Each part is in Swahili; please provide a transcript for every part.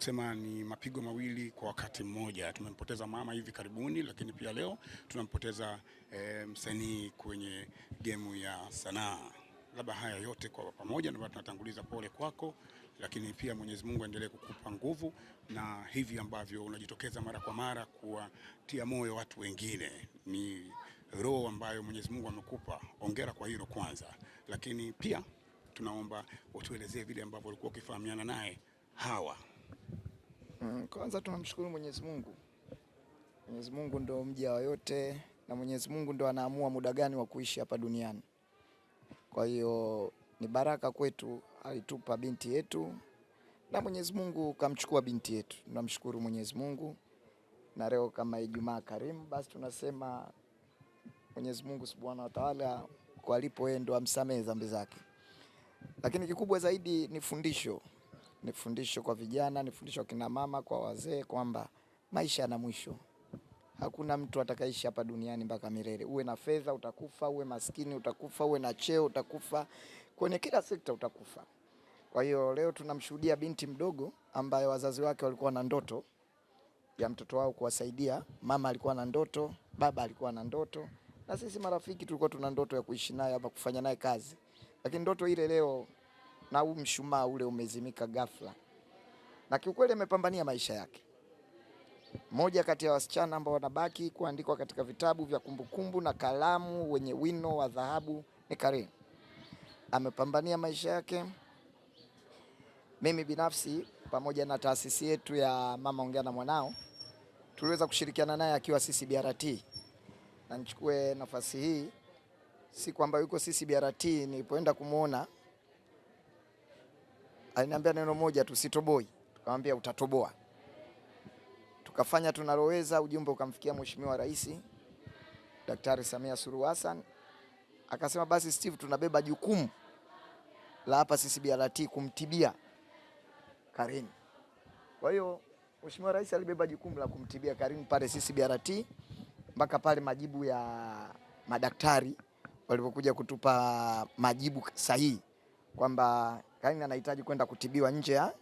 kusema ni mapigo mawili kwa wakati mmoja. Tumempoteza mama hivi karibuni, lakini pia leo tunampoteza e, msanii kwenye gemu ya sanaa. Labda haya yote kwa pamoja ndio tunatanguliza pole kwako, lakini pia Mwenyezi Mungu aendelee kukupa nguvu na hivi ambavyo unajitokeza mara kwa mara kuwatia moyo watu wengine, ni roho ambayo Mwenyezi Mungu amekupa. Ongera kwa hilo kwanza, lakini pia tunaomba utuelezee vile ambavyo ulikuwa ukifahamiana naye Hawa. Mm, kwanza tunamshukuru Mwenyezi Mungu. Mwenyezi Mungu ndo mja wa yote na Mwenyezi Mungu ndo anaamua muda gani wa kuishi hapa duniani. Kwa hiyo ni baraka kwetu, alitupa binti yetu na Mwenyezi Mungu kamchukua binti yetu. Tunamshukuru Mwenyezi Mungu, na leo kama Ijumaa karimu, basi tunasema Mwenyezi Mungu Subhanahu wa Ta'ala, kwa alipo yeye ndo amsamehe dhambi zake, lakini kikubwa zaidi ni fundisho ni fundisho kwa vijana, ni fundisho kina mama, kwa wazee kwamba maisha yana mwisho. Hakuna mtu atakaishi hapa duniani mpaka milele. Uwe na fedha utakufa, uwe maskini utakufa, uwe na cheo utakufa, kwenye kila sekta utakufa. Kwa hiyo leo tunamshuhudia binti mdogo ambaye wazazi wake walikuwa na ndoto ya mtoto wao kuwasaidia. Mama alikuwa na ndoto, baba alikuwa na ndoto, na sisi marafiki tulikuwa tuna ndoto ya kuishi naye hapa, kufanya naye kazi, lakini ndoto ile leo na huu mshumaa ule umezimika ghafla, na kiukweli amepambania maisha yake. Mmoja kati ya wasichana ambao wanabaki kuandikwa katika vitabu vya kumbukumbu na kalamu wenye wino wa dhahabu ni Karim. Amepambania maisha yake. Mimi binafsi pamoja na taasisi yetu ya Mama Ongea na Mwanao tuliweza kushirikiana naye akiwa sisi BRT, na nichukue nafasi hii siku ambayo yuko sisi BRT nilipoenda kumwona aliniambia neno moja tu, sitoboi. Tukamwambia utatoboa, tukafanya tunaloweza. Ujumbe ukamfikia Mheshimiwa Rais Daktari Samia Suluhu Hassan, akasema basi Steve, tunabeba jukumu la hapa sisi BRT kumtibia Karini. Kwa hiyo Mheshimiwa Rais alibeba jukumu la kumtibia karin pale sisi BRT mpaka pale majibu ya madaktari walipokuja kutupa majibu sahihi kwamba Kaini anahitaji kwenda kutibiwa nje ya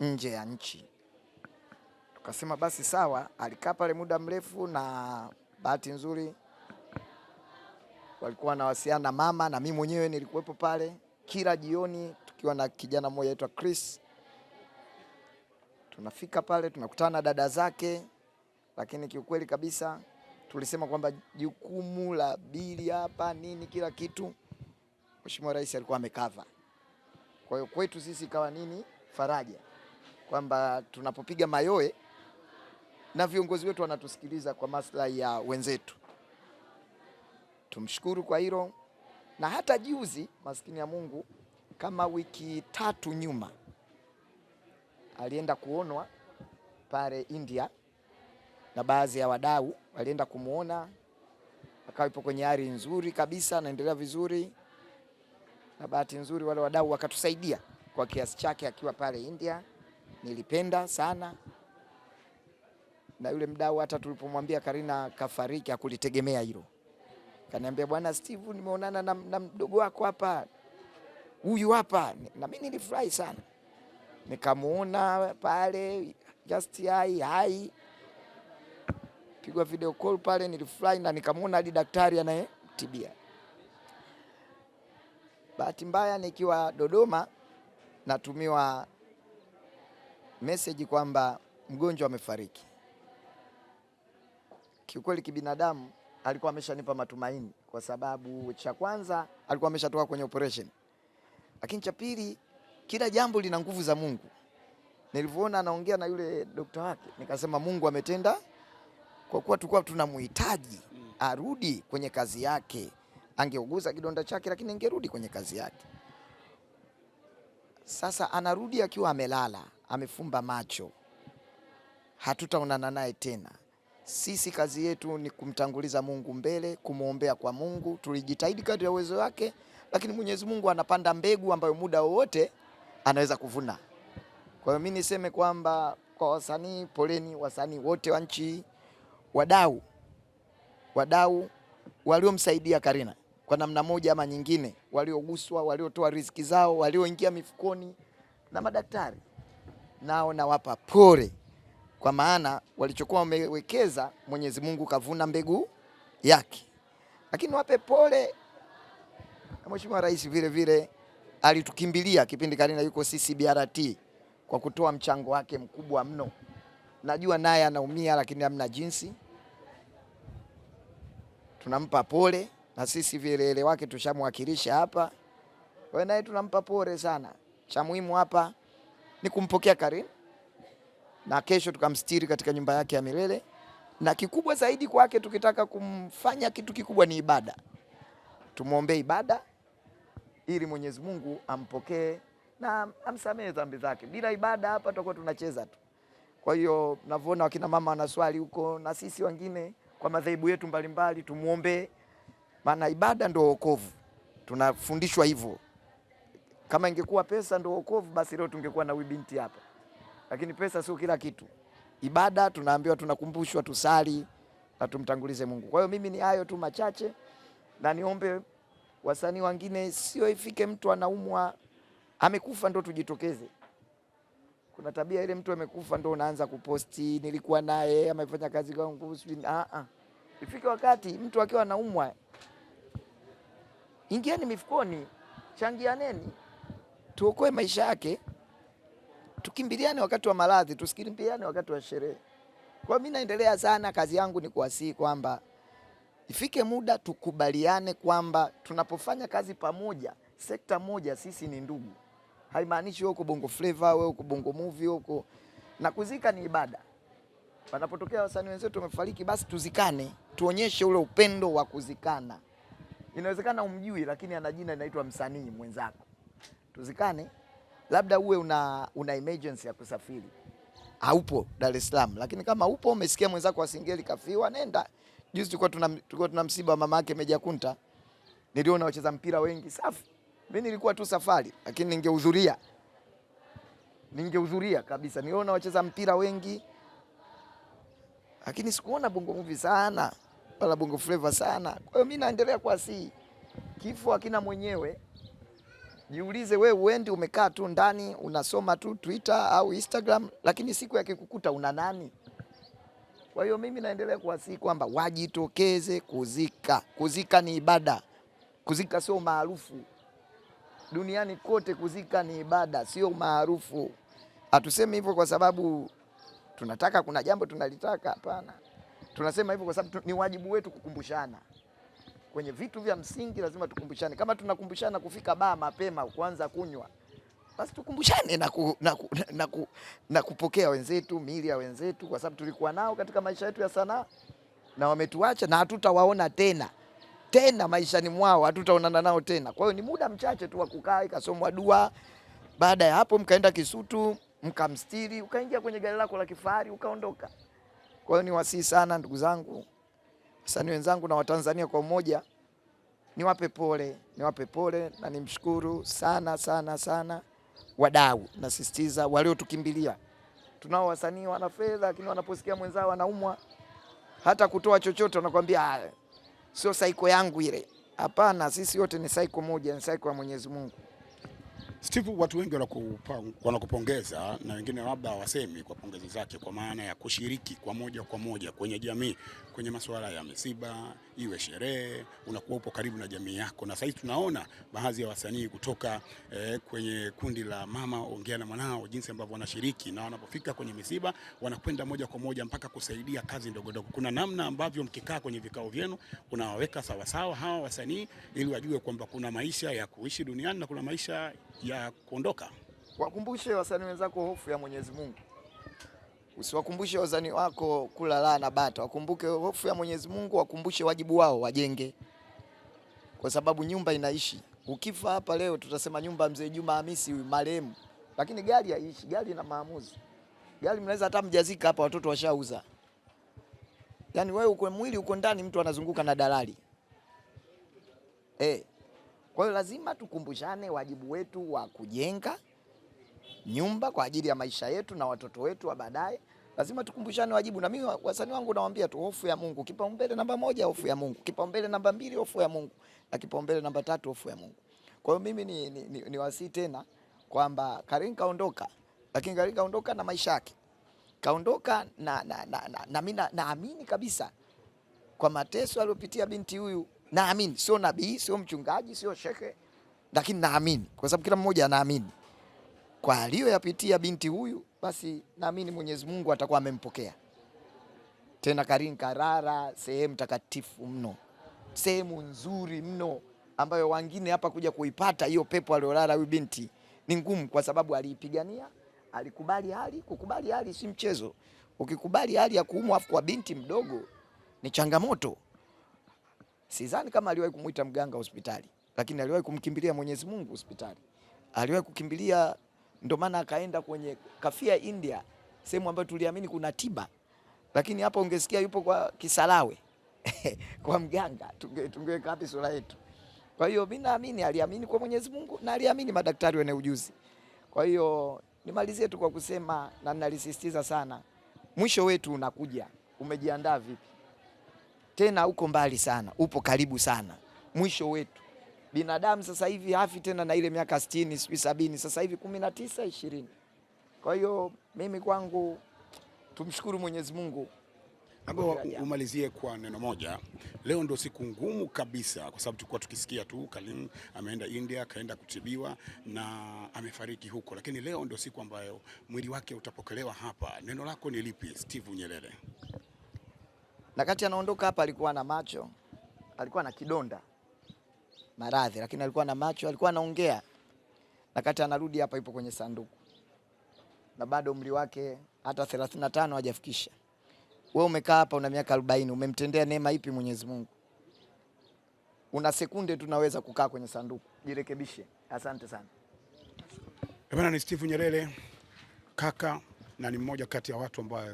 nje ya nchi. Tukasema basi sawa, alikaa pale muda mrefu, na bahati nzuri walikuwa wanawasiliana na mama na mimi mwenyewe nilikuwepo pale kila jioni, tukiwa na kijana mmoja aitwa Chris. Tunafika pale tunakutana na dada zake, lakini kiukweli kabisa tulisema kwamba jukumu la bili hapa nini kila kitu Mheshimiwa Rais alikuwa amekava. Kwa hiyo kwetu sisi ikawa nini faraja kwamba tunapopiga mayoe na viongozi wetu wanatusikiliza kwa maslahi ya wenzetu. Tumshukuru kwa hilo, na hata juzi maskini ya Mungu kama wiki tatu nyuma alienda kuonwa pale India na baadhi ya wadau walienda kumwona, akawa ipo kwenye hali nzuri kabisa, anaendelea vizuri na bahati nzuri wale wadau wakatusaidia kwa kiasi chake. Akiwa pale India nilipenda sana, na yule mdau hata tulipomwambia Karina kafariki hakulitegemea hilo, kaniambia bwana Steve, nimeonana na, na mdogo wako hapa, huyu hapa. Na mimi nilifurahi sana, nikamuona pale just hai hai, pigwa video call pale, nilifurahi na nikamuona hadi daktari anayetibia Bahati mbaya nikiwa Dodoma natumiwa meseji kwamba mgonjwa amefariki. Kiukweli kibinadamu alikuwa ameshanipa matumaini, kwa sababu cha kwanza alikuwa ameshatoka kwenye operation, lakini cha pili, kila jambo lina nguvu za Mungu. Nilivyoona anaongea na yule dokta wake, nikasema Mungu ametenda, kwa kuwa tulikuwa tunamhitaji arudi kwenye kazi yake angeuguza kidonda chake, lakini angerudi kwenye kazi yake. Sasa anarudi akiwa amelala, amefumba macho, hatutaonana naye tena. Sisi kazi yetu ni kumtanguliza Mungu mbele, kumwombea kwa Mungu. Tulijitahidi kadri ya uwezo wake, lakini Mwenyezi Mungu anapanda mbegu ambayo muda wowote anaweza kuvuna. Kwa hiyo mimi niseme kwamba kwa wasanii, poleni wasanii wote wa nchi, wadau wadau waliomsaidia Karina kwa namna moja ama nyingine, walioguswa, waliotoa riziki zao, walioingia mifukoni, na madaktari nao nawapa pole, kwa maana walichokuwa wamewekeza Mwenyezi Mungu kavuna mbegu yake. Lakini wape pole na Mheshimiwa Rais vile vile alitukimbilia kipindi Karina yuko CCBRT kwa kutoa mchango wake mkubwa mno. Najua naye anaumia, lakini hamna jinsi, tunampa pole na sisi vilele wake tushamwakilisha hapa. Wewe naye tunampa pole sana. Cha muhimu hapa ni kumpokea Karim na kesho tukamstiri katika nyumba yake ya milele, na kikubwa zaidi kwake, tukitaka kumfanya kitu kikubwa ni ibada. Tumwombee ibada ili Mwenyezi Mungu ampokee na amsamehe dhambi zake. Bila ibada hapa tutakuwa tunacheza tu. Kwa hiyo mnavyoona wakina mama wanaswali huko na sisi wengine kwa madhehebu yetu mbalimbali, tumwombee maana ibada ndio wokovu, tunafundishwa hivyo. Kama ingekuwa pesa ndio wokovu, basi leo tungekuwa na wibinti hapa, lakini pesa sio kila kitu. Ibada tunaambiwa, tunakumbushwa tusali na tumtangulize Mungu. Kwa hiyo mimi ni hayo tu machache, na niombe wasanii wengine, sio ifike mtu anaumwa amekufa ndo tujitokeze. Kuna tabia ile mtu amekufa ndo unaanza kuposti nilikuwa naye amefanya kazi kwa nguvu. Ah, ah. Ifike wakati mtu akiwa anaumwa Ingieni mifukoni, changianeni, tuokoe maisha yake. Tukimbiliane wakati wa maradhi, tusikimbiliane wakati wa sherehe. Kwa mimi naendelea sana, kazi yangu ni kuwasihi kwamba ifike muda tukubaliane kwamba tunapofanya kazi pamoja, sekta moja, sisi ni ndugu. Haimaanishi wewe uko Bongo Flava, wewe uko Bongo Movie, huko. na kuzika ni ibada. Panapotokea wasanii wenzetu wamefariki, basi tuzikane, tuonyeshe ule upendo wa kuzikana inawezekana umjui, lakini ana jina linaitwa msanii mwenzako. Tuzikane, labda uwe una, una emergency ya kusafiri, haupo Dar es Salaam, lakini kama upo umesikia mwenzako Asingeli kafiwa, nenda. Juzi tulikuwa tuna tulikuwa tuna msiba mama yake Meja Kunta, niliona wacheza mpira wengi, safi. Mimi nilikuwa tu safari, lakini ningehudhuria ningehudhuria kabisa. Niliona wacheza mpira wengi, lakini sikuona bongo movie sana wala bongo flava sana. Kwa hiyo mimi naendelea kuwasihi, kifo hakina mwenyewe. Jiulize we, uendi umekaa tu ndani unasoma tu Twitter au Instagram, lakini siku yakikukuta una nani? Kwa hiyo mimi naendelea kuwasihi kwamba wajitokeze kuzika. Kuzika ni ibada, kuzika sio maarufu. Duniani kote kuzika ni ibada, sio maarufu. Hatusemi hivyo kwa sababu tunataka kuna jambo tunalitaka, hapana. Tunasema hivyo kwa sababu ni wajibu wetu kukumbushana kwenye vitu vya msingi, lazima tukumbushane. Kama tunakumbushana kufika baa mapema kuanza kunywa, basi tukumbushane na, ku, na, ku, na, ku, na kupokea wenzetu, miili ya wenzetu, kwa sababu tulikuwa nao katika maisha yetu ya sanaa na wametuacha na hatutawaona tena tena maishani mwao, hatutaonana nao tena. Kwa hiyo ni muda mchache tu wa kukaa, ikasomwa dua. Baada ya hapo, mkaenda Kisutu, mkamstiri, ukaingia kwenye gari lako la kifahari, ukaondoka. Kwa hiyo niwasihi sana ndugu zangu wasanii wenzangu na Watanzania kwa umoja, niwape pole, niwape pole na nimshukuru sana sana sana wadau, nasisitiza waliotukimbilia. Tunao wasanii wana fedha, lakini wanaposikia mwenzao anaumwa, hata kutoa chochote wanakuambia ah, sio saiko yangu ile. Hapana, sisi wote ni saiko moja, ni saiko ya Mwenyezi Mungu. Steve, watu wengi wanakupongeza na wengine labda hawasemi kwa pongezi zake, kwa maana ya kushiriki kwa moja kwa moja kwenye jamii, kwenye masuala ya misiba, iwe sherehe, unakuwa upo karibu na jamii yako. Na sasa tunaona baadhi ya wasanii kutoka eh, kwenye kundi la Mama Ongea na Mwanao, jinsi ambavyo wanashiriki na wanapofika kwenye misiba wanakwenda moja kwa moja mpaka kusaidia kazi ndogo ndogo. Kuna namna ambavyo mkikaa kwenye vikao vyenu unawaweka sawasawa hawa wasanii ili wajue kwamba kuna maisha ya kuishi duniani na kuna maisha ya kuondoka. Wakumbushe wasanii wenzako hofu ya Mwenyezi Mungu, usiwakumbushe wazani wako kula laa na bata. Wakumbuke hofu ya Mwenyezi Mungu, wakumbushe wajibu wao wajenge, kwa sababu nyumba inaishi. Ukifa hapa leo, tutasema nyumba mzee Juma Hamisi huyu marehemu, lakini gari haishi. Gari ina maamuzi. Gari mnaweza hata mjazika hapa, watoto washauza. Yani wewe uko mwili uko ndani, mtu anazunguka na dalali eh. Kwa hiyo lazima tukumbushane wajibu wetu wa kujenga nyumba kwa ajili ya maisha yetu na watoto wetu wa baadaye. Lazima tukumbushane wajibu, na mimi wasanii wangu nawaambia tu, hofu ya Mungu kipaumbele namba moja, hofu ya Mungu kipaumbele namba mbili, hofu ya Mungu na kipaumbele namba tatu, hofu ya Mungu. Kwa hiyo mimi ni, ni, ni, ni wasi tena kwamba Karini kaondoka, lakini Karini kaondoka na maisha yake kaondoka na, na, na, na, na mimi naamini kabisa kwa mateso aliyopitia binti huyu naamini, sio nabii, sio mchungaji, sio shekhe, lakini naamini kwa sababu kila mmoja anaamini kwa aliyoyapitia binti huyu, basi naamini Mwenyezi Mungu atakuwa amempokea tena. Karin Karara, sehemu takatifu mno, sehemu nzuri mno ambayo wengine hapa kuja kuipata hiyo pepo aliyolala huyu binti ni ngumu, kwa sababu aliipigania, alikubali hali. Kukubali hali si mchezo. Ukikubali hali ya kuumwa afu kwa binti mdogo ni changamoto. Sidhani kama aliwahi kumuita mganga hospitali, lakini aliwahi kumkimbilia Mwenyezi Mungu hospitali. Aliwahi kukimbilia, ndio maana akaenda kwenye kafia India, sehemu ambayo tuliamini kuna tiba, lakini hapo ungesikia yupo kwa kisalawe kwa mganga, tungeweka wapi sura yetu? Kwa hiyo mimi naamini aliamini kwa Mwenyezi Mungu na aliamini madaktari wenye ujuzi. Kwa hiyo nimalizie tu kwa kusema na ninalisisitiza sana, mwisho wetu unakuja, umejiandaa vipi? tena uko mbali sana, upo karibu sana. Mwisho wetu binadamu sasa hivi hafi tena na ile miaka 60 sijui sabini sasa hivi kumi na tisa ishirini. Kwa hiyo mimi kwangu tumshukuru Mwenyezi Mungu. Ambao umalizie kwa neno moja. Leo ndio siku ngumu kabisa, kwa sababu tulikuwa tukisikia tu Kalim ameenda India, akaenda kutibiwa na amefariki huko, lakini leo ndio siku ambayo mwili wake utapokelewa hapa. Neno lako ni lipi, Steve Nyerere? na kati anaondoka hapa, alikuwa na macho, alikuwa na kidonda maradhi, lakini alikuwa na macho, alikuwa anaongea. Na kati anarudi hapa, ipo kwenye sanduku na bado umri wake hata 35 hajafikisha. Wewe umekaa hapa una miaka 40, umemtendea neema ipi Mwenyezi Mungu? Una sekunde tunaweza kukaa kwenye sanduku, jirekebishe. Asante sana. Bwana ni Steve Nyerere kaka, na ni mmoja kati ya watu ambao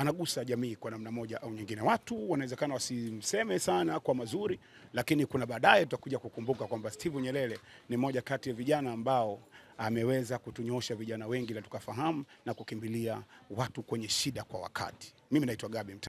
anagusa jamii kwa namna moja au nyingine. Watu wanawezekana wasimseme sana kwa mazuri, lakini kuna baadaye tutakuja kukumbuka kwamba Steve Nyerere ni moja kati ya vijana ambao ameweza kutunyosha vijana wengi na tukafahamu na kukimbilia watu kwenye shida kwa wakati. Mimi naitwa Gabi Mta